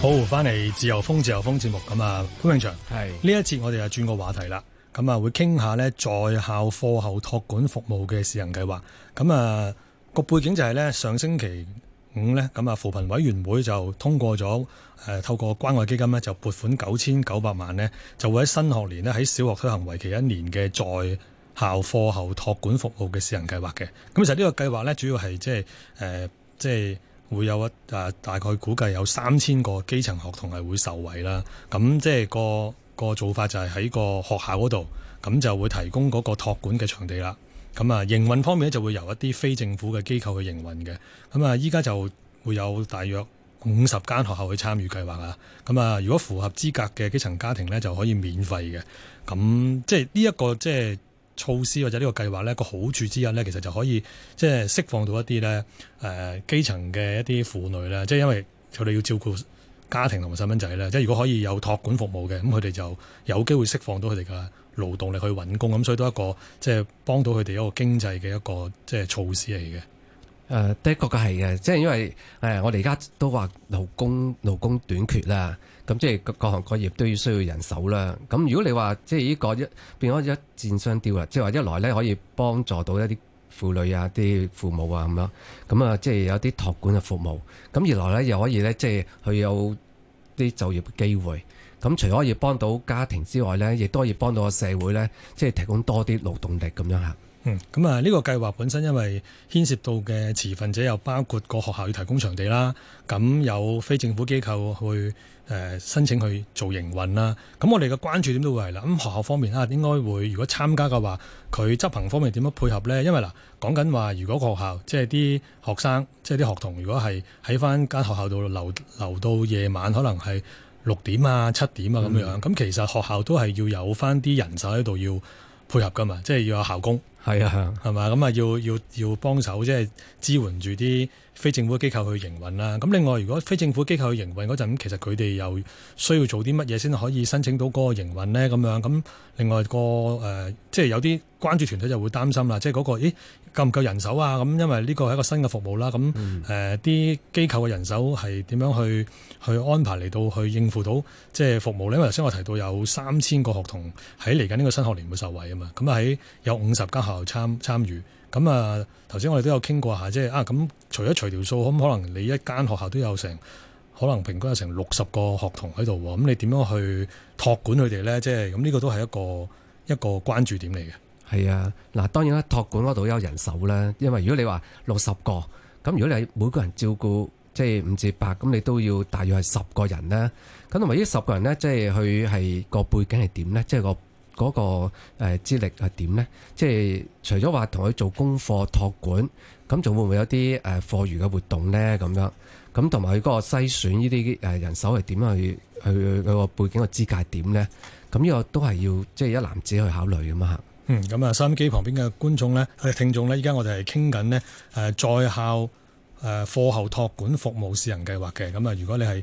好，翻嚟自由風自由風節目咁啊，潘、嗯、永祥係呢是一節我哋就轉個話題啦，咁啊會傾下呢在校課後託管服務嘅試行計劃。咁啊個背景就係呢：上星期五呢，咁啊扶貧委員會就通過咗誒、呃，透過關愛基金呢，就撥款九千九百萬呢，就會喺新學年呢，喺小學推行為期一年嘅在校課後託管服務嘅試行計劃嘅。咁、嗯、其實呢個計劃呢，主要係、呃，即係誒即係。會有一大概估計有三千個基層學童係會受惠啦，咁即係個個做法就係喺個學校嗰度，咁就會提供嗰個託管嘅場地啦。咁啊營運方面咧就會由一啲非政府嘅機構去營運嘅。咁啊依家就會有大約五十間學校去參與計劃啊。咁啊如果符合資格嘅基層家庭咧就可以免費嘅。咁即係呢一個即係。措施或者呢個計劃呢個好處之一呢，其實就可以即係釋放到一啲呢誒、呃、基層嘅一啲婦女咧，即係因為佢哋要照顧家庭同埋細蚊仔呢，即係如果可以有託管服務嘅，咁佢哋就有機會釋放到佢哋嘅勞動力去揾工，咁、嗯、所以都係一個即係幫到佢哋一個經濟嘅一個即係措施嚟嘅。誒、呃，的確嘅係嘅，即係因為誒、呃，我哋而家都話勞工勞工短缺啦，咁即係各行各業都要需要人手啦。咁如果你話即係呢個一變咗一箭雙雕啦，即係話一來咧可以幫助到一啲婦女啊、啲父母啊咁樣，咁啊即係有啲託管嘅服務，咁二來咧又可以咧即係去有啲就業嘅機會，咁除咗可以幫到家庭之外咧，亦都可以幫到個社會咧，即係提供多啲勞動力咁樣嚇。嗯，咁啊呢個計劃本身因為牽涉到嘅持份者又包括個學校要提供場地啦，咁有非政府機構去誒申請去做營運啦。咁我哋嘅關注點都會係啦，咁學校方面啦，應該會如果參加嘅話，佢執行方面點樣配合呢？因為嗱，講緊話如果個學校即係啲學生，即係啲學童，如果係喺返間學校度留留到夜晚，可能係六點啊、七點啊嗯、咁樣，咁其實學校都係要有返啲人手喺度要配合㗎嘛，即係要有校工。係啊，係啊，係嘛，咁啊，要要要幫手，即係支援住啲。非政府機構去營運啦，咁另外如果非政府機構去營運嗰陣，其實佢哋又需要做啲乜嘢先可以申請到嗰個營運呢？咁樣咁另外個誒、呃，即係有啲關注團體就會擔心啦，即係、那、嗰個咦夠唔夠人手啊？咁因為呢個係一個新嘅服務啦，咁誒啲機構嘅人手係點樣去去安排嚟到去應付到即係服務呢？因為頭先我提到有三千個學童喺嚟緊呢個新學年會受惠啊嘛，咁喺有五十間學校參參與。咁啊，頭先我哋都有傾過下，即係啊，咁除咗除條數，咁可能你一間學校都有成，可能平均有成六十個學童喺度喎，咁你點樣去託管佢哋咧？即係咁呢個都係一個一個關注點嚟嘅。係啊，嗱，當然啦，託管嗰度有人手啦，因為如果你話六十個，咁如果你係每個人照顧即係五至八，咁你都要大約係十個人啦。咁同埋呢十個人咧，即係佢係個背景係點咧？即係個。嗰個誒資歷係點咧？即係除咗話同佢做功課託管，咁仲會唔會有啲誒課餘嘅活動咧？咁樣，咁同埋佢個篩選呢啲人手係點，去去佢個背景個資格點咧？咁呢個都係要即係一攬子去考慮咁嘛。嗯，咁啊，收音機旁邊嘅觀眾咧，聽眾咧，依家我哋係傾緊呢在校誒課後託管服務試行計劃嘅。咁啊，如果你係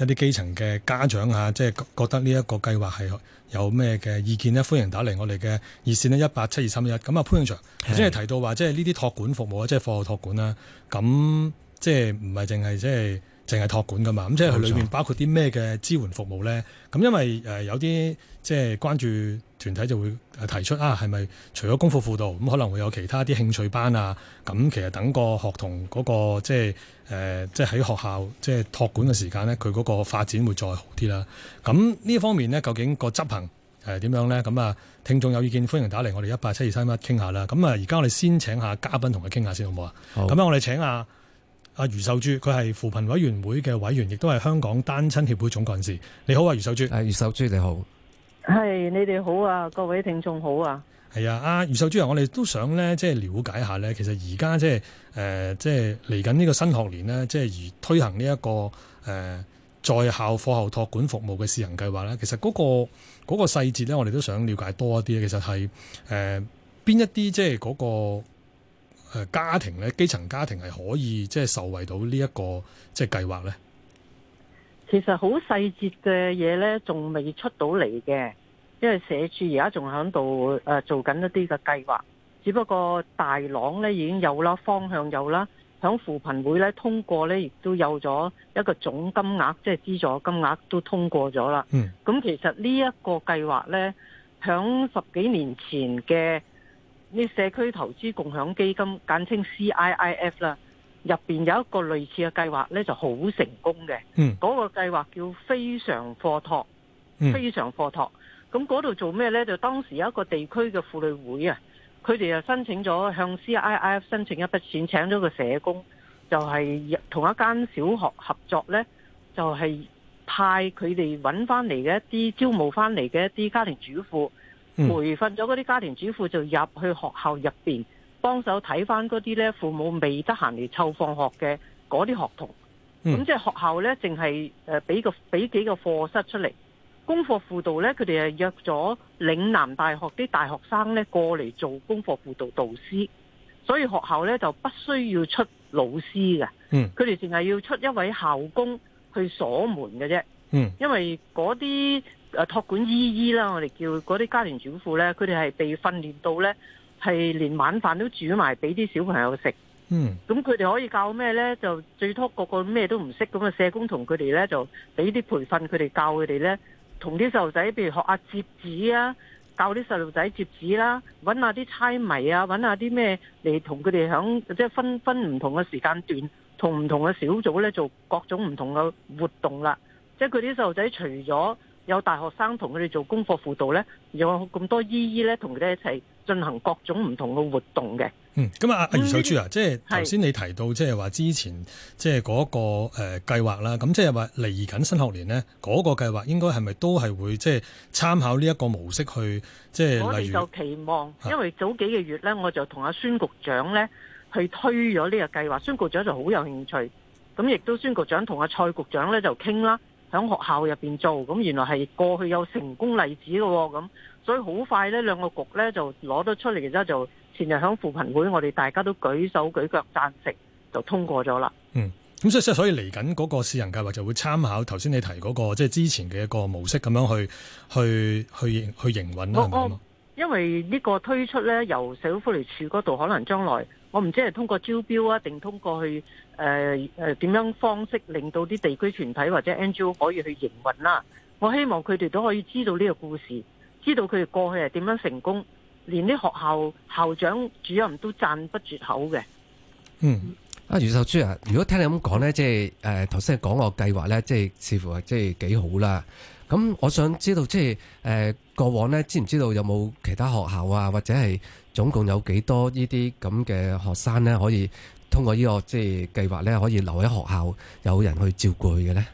一啲基層嘅家長嚇，即係覺得呢一個計劃係有咩嘅意見咧？歡迎打嚟我哋嘅熱線呢一八七二三一。咁啊，潘永祥的，即係提到話，即係呢啲託管服務啊，即係課後託管啦。咁即係唔係淨係即係淨係託管噶嘛？咁即係佢裏面包括啲咩嘅支援服務咧？咁因為、呃、有啲即係關注團體就會提出啊，係咪除咗功課輔導，咁可能會有其他啲興趣班啊？咁其實等個學童嗰個即係誒，即係喺學校即係託管嘅時間呢，佢嗰個發展會再好啲啦。咁呢方面呢，究竟個執行誒點樣呢？咁啊，聽眾有意見歡迎打嚟，現在我哋一八七二三一傾下啦。咁啊，而家我哋先請下嘉賓同佢傾下先，好唔好啊？咁啊，我哋請阿阿余秀珠，佢係扶貧委員會嘅委員，亦都係香港單親協會總幹事。你好啊，余秀珠。誒，余秀珠你好。係、哎、你哋好啊，各位聽眾好啊！係啊，阿余秀珠啊，我哋都想咧，即係了解下咧，其實而家即係誒，即係嚟緊呢個新學年咧，即係而推行呢、這、一個誒、呃、在校課後託管服務嘅試行計劃咧，其實嗰、那個嗰、那個細節咧，我哋都想了解多一啲咧。其實係誒邊一啲即係嗰、那個誒家庭咧，基層家庭係可以即係受惠到呢、這、一個即係計劃咧？其實好細節嘅嘢呢，仲未出到嚟嘅，因為社署而家仲響度誒做緊一啲嘅計劃，只不過大朗呢已經有啦，方向有啦，響扶貧會呢通過呢，亦都有咗一個總金額，即係資助金額都通過咗啦。嗯，咁其實呢一個計劃呢，響十幾年前嘅呢社區投資共享基金，簡稱 CIIF 啦。入面有一個類似嘅計劃咧，就好成功嘅。嗰、嗯、個計劃叫非常課託、嗯，非常課託。咁嗰度做咩呢？就當時有一個地區嘅婦女會啊，佢哋又申請咗向 CIIF 申請一筆錢，請咗個社工，就係、是、同一間小學合作呢，就係、是、派佢哋揾翻嚟嘅一啲招募翻嚟嘅一啲家庭主婦，培訓咗嗰啲家庭主婦就入去學校入邊。幫手睇翻嗰啲咧，父母未得閒嚟，湊放學嘅嗰啲學童，咁、嗯、即係學校咧，淨係誒俾個俾幾個課室出嚟，功課輔導咧，佢哋係約咗嶺南大學啲大學生咧過嚟做功課輔導導師，所以學校咧就不需要出老師嘅，嗯，佢哋淨係要出一位校工去鎖門嘅啫，嗯，因為嗰啲誒託管姨姨啦，我哋叫嗰啲家庭主婦咧，佢哋係被訓練到咧。係連晚飯都煮埋俾啲小朋友食，嗯，咁佢哋可以教咩呢？就最多個個咩都唔識咁啊！社工同佢哋呢，就俾啲培訓佢哋教佢哋呢，同啲細路仔，譬如學下折紙啊，教啲細路仔折紙啦，搵下啲猜謎啊，搵下啲咩嚟，同佢哋響即係分分唔同嘅時間段，同唔同嘅小組呢，做各種唔同嘅活動啦。即係佢啲細路仔除咗有大學生同佢哋做功課輔導呢，有咁多姨姨呢，同佢哋一齊。進行各種唔同嘅活動嘅。嗯，咁啊，余秀珠啊，即係頭先你提到，即係話之前即係嗰、那個誒、呃、計劃啦。咁即係話嚟緊新學年呢，嗰、那個計劃應該係咪都係會即係參考呢一個模式去即係？我哋就期望，啊、因為早幾個月呢，我就同阿孫局長呢去推咗呢個計劃，孫局長就好有興趣。咁亦都孫局長同阿、啊、蔡局長呢就傾啦，響學校入邊做，咁原來係過去有成功例子嘅喎、哦，咁。所以好快呢，兩個局呢就攞得出嚟，然之後就前日喺扶貧會，我哋大家都舉手舉腳贊成，就通過咗啦。嗯，嗯，咁所以所以嚟緊嗰個試行計劃就會參考頭先你提嗰個，即係之前嘅一個模式咁樣去去去去營運咯，我，係咪啊？因為呢個推出呢，由社會福利署嗰度可能將來我唔知係通過招標啊，定通過去誒誒點樣方式，令到啲地區團體或者 NGO 可以去營運啦。我希望佢哋都可以知道呢個故事。知道佢哋過去係點樣成功，連啲學校校長主任都讚不絕口嘅。嗯，阿、啊、余秀珠啊，如果聽你咁講呢，即係誒頭先講個計劃呢，即、就、係、是、似乎係即係幾好啦。咁我想知道，即係誒過往呢，知唔知道有冇其他學校啊，或者係總共有幾多呢啲咁嘅學生呢，可以通過呢、這個即係、就是、計劃呢，可以留喺學校有人去照顧佢嘅呢？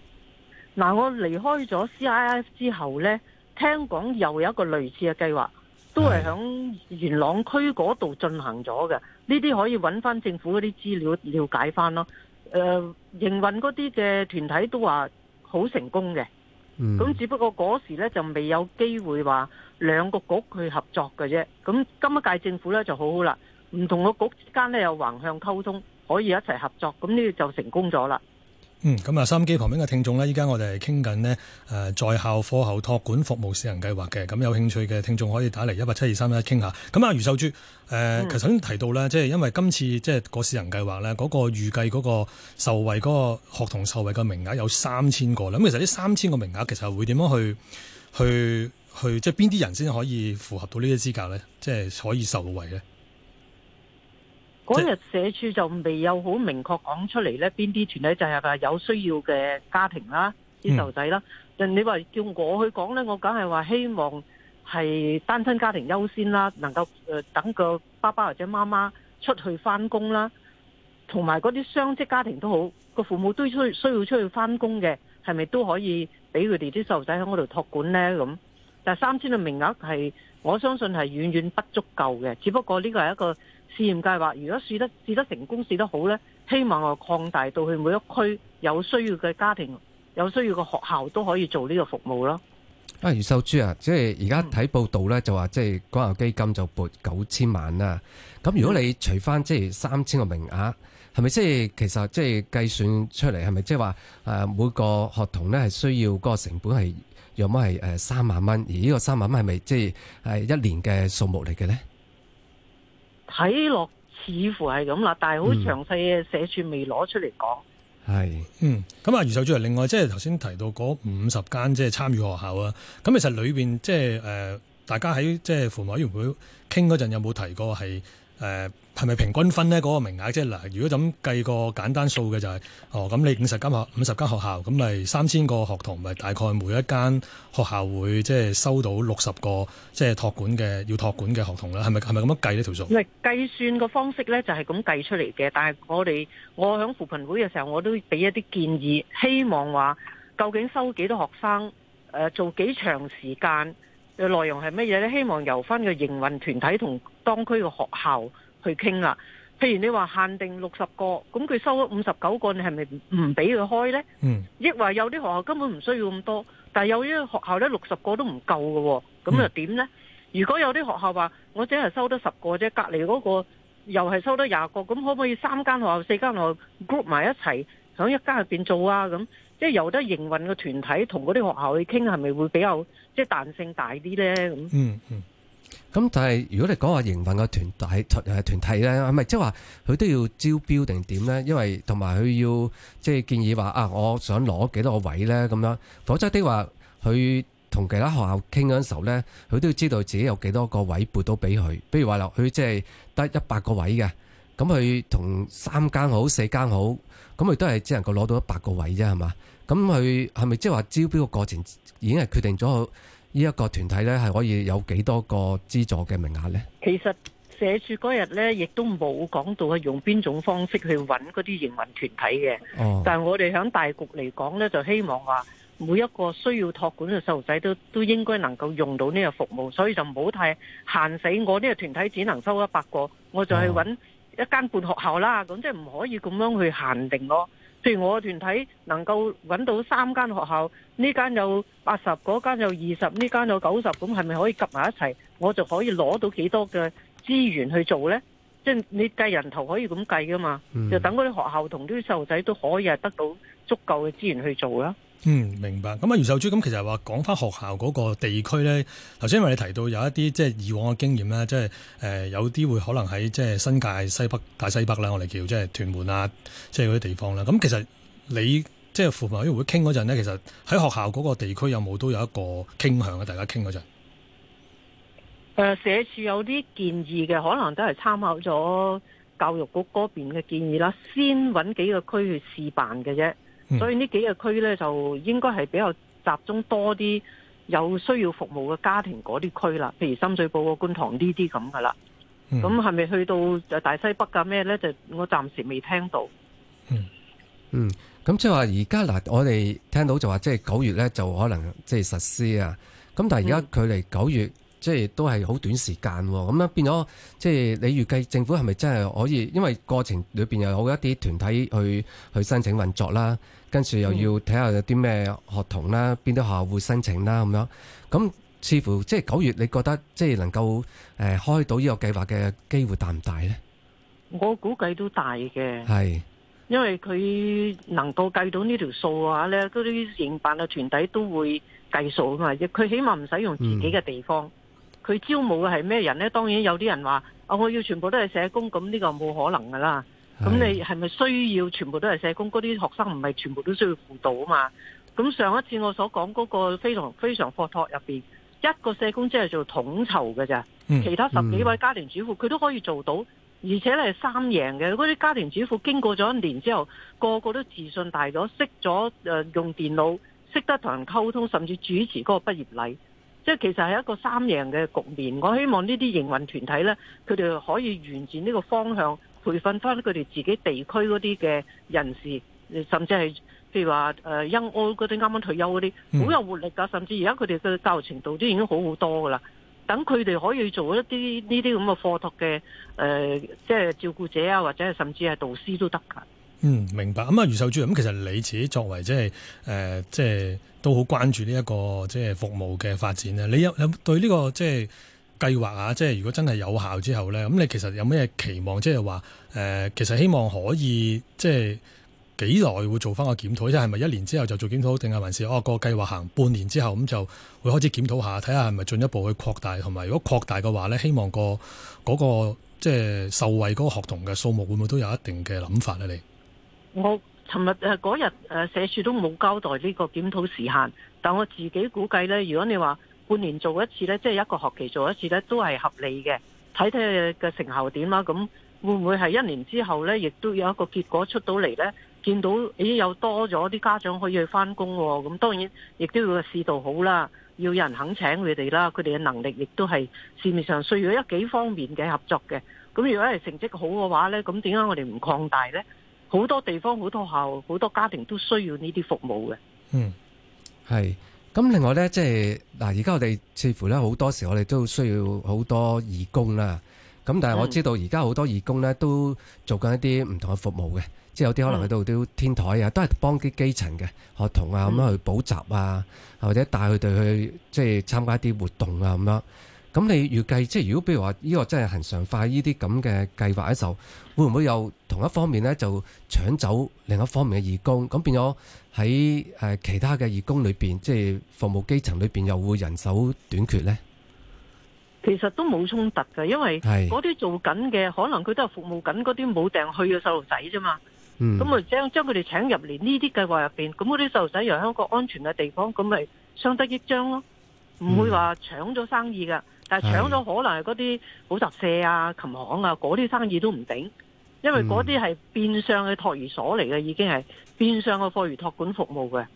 嗱、啊，我離開咗 CIF 之後呢。聽講又有一個類似嘅計劃，都係響元朗區嗰度進行咗嘅。呢啲可以揾翻政府嗰啲資料了解翻咯。誒、呃，營運嗰啲嘅團體都話好成功嘅。咁只不過嗰時呢就未有機會話兩個局去合作嘅啫。咁今一屆政府呢就好好啦，唔同個局之間呢有橫向溝通，可以一齊合作。咁呢就成功咗啦。嗯，咁啊，收音機旁邊嘅聽眾呢，依家我哋係傾緊誒，在校課後託管服務試行計劃嘅，咁有興趣嘅聽眾可以打嚟一八七二三一傾下。咁啊，余秀珠，誒、呃，嗯、其實頭先提到呢，即係因為今次即係、那個試行計劃呢，嗰個預計嗰個受惠嗰個學童受惠嘅名額有三千個，咁其實呢三千個名額，其實，其實會點樣去去去，即係邊啲人先可以符合到呢啲資格呢？即係可以受惠呢？嗰日社署就未有好明確講出嚟呢，邊啲團體就係話有需要嘅家庭啦，啲細路仔啦。嗯、你話叫我去講呢，我梗係話希望係單親家庭優先啦，能夠誒、呃、等個爸爸或者媽媽出去返工啦，同埋嗰啲雙職家庭都好，個父母都需需要出去返工嘅，係咪都可以俾佢哋啲細路仔喺我度託管呢？咁但係三千個名額係，我相信係遠遠不足夠嘅。只不過呢個係一個。試驗計劃，如果試得試得成功，試得好咧，希望我擴大到去每一區有需要嘅家庭，有需要嘅學校都可以做呢個服務咯。啊，余秀珠啊，即係而家睇報道咧，嗯，就話即係關愛基金就撥九千萬啦。咁如果你除翻，即係三千個名額，係咪即係其實即係計算出嚟係咪即係話誒每個學童咧係需要嗰個成本係有冇係誒三萬蚊？而呢個三萬蚊係咪即係係一年嘅數目嚟嘅咧？睇落似乎係咁啦，但係好詳細嘅社署未攞出嚟講。係，嗯，咁啊、嗯，余秀珠，另外即係頭先提到嗰五十間即係參與學校啊，咁其實裏邊即係誒，大家喺即係父母委員會傾嗰陣有冇提過係？誒係咪平均分呢？嗰個名額即係嗱，如果咁計個簡單數嘅就係哦，咁你五十間學五十間學校，咁咪三千個學童，咪大概每一間學校會即係收到六十個即係託管嘅要託管嘅學童啦。係咪係咪咁樣計呢條數？誒計算個方式呢就係咁計出嚟嘅，但係我哋我喺扶貧會嘅時候我都俾一啲建議，希望話究竟收幾多個學生？誒做幾長時間嘅內容係乜嘢咧？希望由翻個營運團體同。當區個學校去傾啦，譬如你話限定六十個，咁佢收咗五十九個，你係咪唔俾佢開呢？嗯，抑或有啲學校根本唔需要咁多，但係有啲學校咧六十個都唔夠嘅，咁又點呢？嗯、如果有啲學校話我只係收得十個啫，隔離嗰個又係收得廿個，咁可唔可以三間學校、四間學校 group 埋一齊喺一間入邊做啊？咁即係由得營運嘅團體同嗰啲學校去傾，係咪會比較即係彈性大啲呢？咁嗯嗯。嗯咁但係，如果你講話營運嘅團，團，團體誒團體咧，係咪即係話佢都要招標定點咧？因為同埋佢要即係、就是、建議話啊，我想攞幾多個位咧咁樣。否則的話，佢同其他學校傾嗰陣時候咧，佢都要知道自己有幾多個位撥到俾佢。比如話落，佢即係得一百個位嘅，咁佢同三間好四間好，咁佢都係只能夠攞到一百個位啫，係嘛？咁佢係咪即係話招標個過程已經係決定咗？呢一個團體呢，係可以有幾多個資助嘅名額呢？其實社署嗰日呢，亦都冇講到係用邊種方式去揾嗰啲營運團體嘅。但係我哋響大局嚟講呢，就希望話每一個需要託管嘅細路仔都都應該能夠用到呢個服務，所以就唔好太限死。我呢個團體只能收一百個，我就去揾一間半學校啦。咁即係唔可以咁樣去限定咯。譬如我個團體能夠揾到三間學校，呢間有八十，嗰間有二十，呢間有九十，咁係咪可以夾埋一齊，我就可以攞到幾多嘅資源去做呢？即係你計人頭可以咁計噶嘛？就等嗰啲學校同啲細路仔都可以係得到足夠嘅資源去做啦。嗯，明白。咁啊，余秀珠，咁其實話講翻學校嗰個地區咧，頭先因為，你提到有一啲即係以往嘅經驗啦，即係誒有啲會可能喺即係新界西北大西北啦，我哋叫即係屯門啊，即係嗰啲地方啦。咁其實，你即係扶貧委員會傾嗰陣咧，其實喺學校嗰個地區有冇都有一個傾向啊？大家傾嗰陣。誒、呃，社署有啲建議嘅，可能都係參考咗教育局嗰邊嘅建議啦，先揾幾個區去試辦嘅啫。所以呢幾個區呢，就應該係比較集中多啲有需要服務嘅家庭嗰啲區啦，譬如深水埗個觀塘呢啲咁噶啦。咁係咪去到大西北噶咩呢？就我暫時未聽到。嗯，嗯，咁即係話而家嗱，我哋聽到就話即係九月呢，就可能即係實施啊。咁但係而家距離九月。嗯即係都係好短時間喎，咁樣變咗即係你預計政府係咪真係可以？因為過程裏邊有好一啲團體去去申請運作啦，跟住又要睇下有啲咩學童啦，邊啲學校會申請啦咁樣。咁似乎即係九月，你覺得即係能夠誒開到呢個計劃嘅機會大唔大呢？我估計都大嘅，係因為佢能夠計到呢條數嘅話呢，嗰啲營辦嘅團體都會計數啊嘛。佢起碼唔使用自己嘅地方。佢招募嘅係咩人呢？當然有啲人話，啊，我要全部都係社工，咁呢個冇可能噶啦。咁你係咪需要全部都係社工？嗰啲學生唔係全部都需要輔導啊嘛。咁上一次我所講嗰個非常非常課託入面，一個社工即係做統籌㗎咋，其他十幾位家庭主婦佢都可以做到，而且咧係三贏嘅。嗰啲家庭主婦經過咗一年之後，個個都自信大咗，識咗誒用電腦，識得同人溝通，甚至主持嗰個畢業禮。即係其實係一個三贏嘅局面，我希望呢啲營運團體呢，佢哋可以沿住呢個方向培訓翻佢哋自己地區嗰啲嘅人士，甚至係譬如話誒恩澳嗰啲啱啱退休嗰啲，好有活力噶。甚至而家佢哋嘅教育程度都已經好好多噶啦，等佢哋可以做一啲呢啲咁嘅課託嘅誒，即係照顧者啊，或者係甚至係導師都得㗎。嗯，明白。咁啊，余秀珠，咁其實你自己作為即係誒，即係都好關注呢一個即係服務嘅發展咧。你有有對呢個即係計劃啊？即係如果真係有效之後咧，咁你其實有咩期望？即係話、呃、其實希望可以即係幾耐會做翻個檢討，即係咪一年之後就做檢討，定係還是哦個計劃行半年之後咁就會開始檢討下，睇下係咪進一步去擴大，同埋如果擴大嘅話咧，希望個嗰、嗰個即係受惠嗰個學童嘅數目會唔會都有一定嘅諗法咧？你？我尋日誒嗰日誒社署都冇交代呢個檢討時限，但我自己估計呢，如果你話半年做一次呢，即係一個學期做一次呢，都係合理嘅。睇睇嘅成效點啦，咁會唔會係一年之後呢，亦都有一個結果出到嚟呢？見到已經有多咗啲家長可以去翻工喎，咁當然亦都要個市道好啦，要有人肯請佢哋啦，佢哋嘅能力亦都係市面上需要一幾方面嘅合作嘅。咁如果係成績好嘅話呢，咁點解我哋唔擴大呢？好多地方、好多校、好多家庭都需要呢啲服務嘅。嗯，係。咁另外呢，即係嗱，而家我哋似乎呢，好多時，我哋都需要好多義工啦。咁但係我知道而家好多義工呢，都做緊一啲唔同嘅服務嘅，即係有啲可能去到啲天台啊，嗯、都係幫啲基層嘅學童啊咁樣去補習啊，或者帶佢哋去即係參加一啲活動啊咁樣。咁你預計即係如果譬如話呢個真係恆常化呢啲咁嘅計劃嘅時候，就會唔會有同一方面咧就搶走另一方面嘅義工？咁變咗喺誒其他嘅義工裏邊，即係服務基層裏邊，又會人手短缺咧？其實都冇衝突㗎，因為嗰啲做緊嘅可能佢都係服務緊嗰啲冇訂去嘅細路仔啫嘛。咁啊將將佢哋請入嚟呢啲計劃入邊，咁嗰啲細路仔又喺一個安全嘅地方，咁咪相得益彰咯，唔會話搶咗生意噶。但係搶咗，可能係嗰啲補習社啊、琴行啊，嗰啲生意都唔頂，因為嗰啲係變相嘅托兒所嚟嘅，已經係變相嘅課餘托管服務嘅。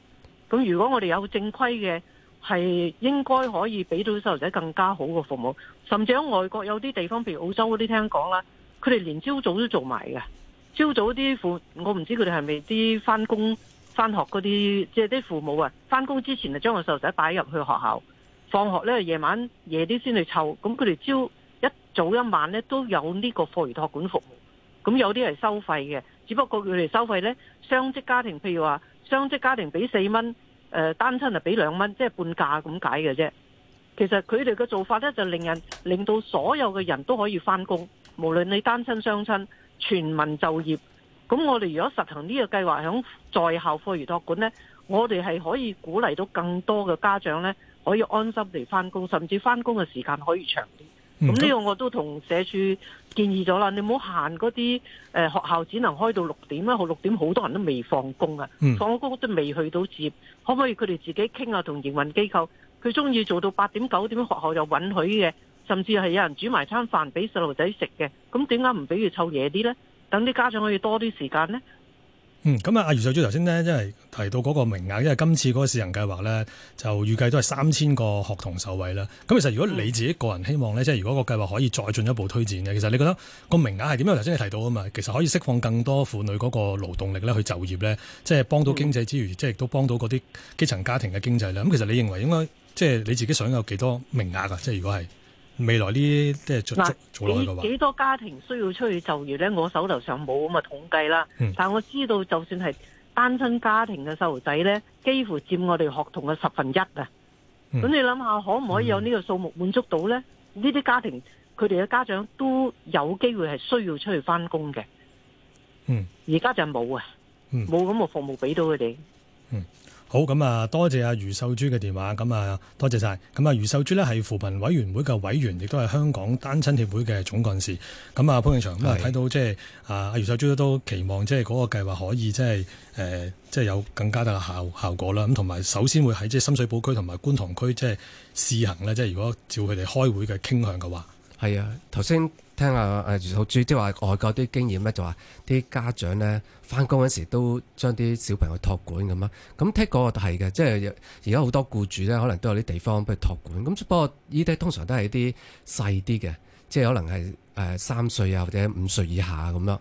咁如果我哋有正規嘅，係應該可以俾到細路仔更加好嘅服務。甚至喺外國有啲地方，譬如澳洲嗰啲，聽講啦，佢哋連朝早都做埋嘅。朝早啲父，我唔知佢哋係咪啲返工返學嗰啲，即係啲父母啊，返工之前就將個細路仔擺入去學校。放學咧，夜晚夜啲先去湊，咁佢哋朝一早一晚咧都有呢個課餘託管服務，咁有啲係收費嘅，只不過佢哋收費咧，雙職家庭譬如話雙職家庭俾四蚊，誒單親啊俾兩蚊，即係半價咁解嘅啫。其實佢哋嘅做法咧就令人令到所有嘅人都可以翻工，無論你單親雙親，全民就業。咁我哋如果實行呢個計劃響在校課餘託管咧，我哋係可以鼓勵到更多嘅家長咧。可以安心地翻工，甚至翻工嘅時間可以長啲。咁呢個我都同社署建議咗啦，你唔好限嗰啲誒學校只能開到六點啦，六點好多人都未放工啊，放工都未去到接，可唔可以佢哋自己傾啊？同營運機構，佢中意做到八點九點，學校又允許嘅，甚至係有人煮埋餐飯俾細路仔食嘅，咁點解唔俾佢湊夜啲咧？等啲家長可以多啲時間咧？嗯，咁啊，阿余秀珠頭先呢，因為提到嗰個名額，因為今次嗰個試行計劃呢，就預計都係三千個學童受惠啦。咁其實如果你自己個人希望呢，即係如果個計劃可以再進一步推展嘅，其實你覺得個名額係點樣？頭先你提到啊嘛，其實可以釋放更多婦女嗰個勞動力呢去就業呢，即係幫到經濟之餘，即係亦都幫到嗰啲基層家庭嘅經濟啦。咁其實你認為應該即係你自己想有幾多名額啊？即係如果係。未來呢啲即係足足做耐嘅話，幾多家庭需要出去就業呢？我手頭上冇咁嘅統計啦，但我知道就算係單親家庭嘅細路仔呢，幾乎佔我哋學童嘅十分一啊。咁你諗下，可唔可以有呢個數目滿足到呢？呢啲家庭佢哋嘅家長都有機會係需要出去翻工嘅。嗯，而家就冇啊，冇咁個服務俾到佢哋。嗯，嗯。嗯嗯嗯好咁啊！多謝阿余秀珠嘅電話，咁啊多謝晒。咁啊，余秀珠呢係扶貧委員會嘅委員，亦都係香港單親協會嘅總幹事。咁啊的，潘永祥咁啊，睇到即係啊，阿余秀珠都期望即係嗰個計劃可以即係誒，即係有更加大嘅效效果啦。咁同埋首先會喺即係深水埗區同埋觀塘區即係試行呢。即係如果照佢哋開會嘅傾向嘅話，係啊，頭先。聽下誒，朱即係話外國啲經驗咧，就話啲家長咧翻工嗰時都將啲小朋友托管咁啦。咁聽講個係嘅，即係而家好多僱主咧，可能都有啲地方幫佢托管。咁不過依啲通常都係啲細啲嘅，即係可能係三歲啊或者五歲以下咁咯。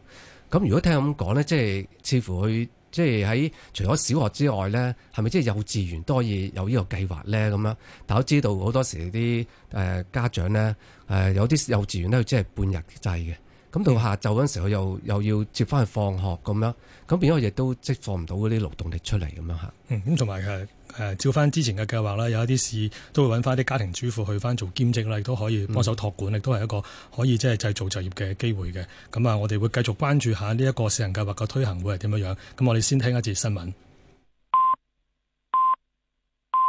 咁如果聽咁講咧，即係似乎佢。即係喺除咗小學之外咧，係咪即係幼稚園都可以有呢個計劃咧？咁樣，大家都知道好多時啲誒家長咧，誒有啲幼稚園咧，即係半日制嘅。咁到下晝嗰陣時候又又要接翻去放學咁樣，咁變咗亦都即放唔到嗰啲勞動力出嚟咁樣吓嗯，咁同埋照翻之前嘅計劃啦，有一啲事都會揾翻啲家庭主婦去翻做兼職啦，亦都可以幫手託管，亦都係一個可以即係製造就業嘅機會嘅。咁啊，我哋會繼續關注下呢一個試行計劃嘅推行會係點樣。咁我哋先聽一節新聞。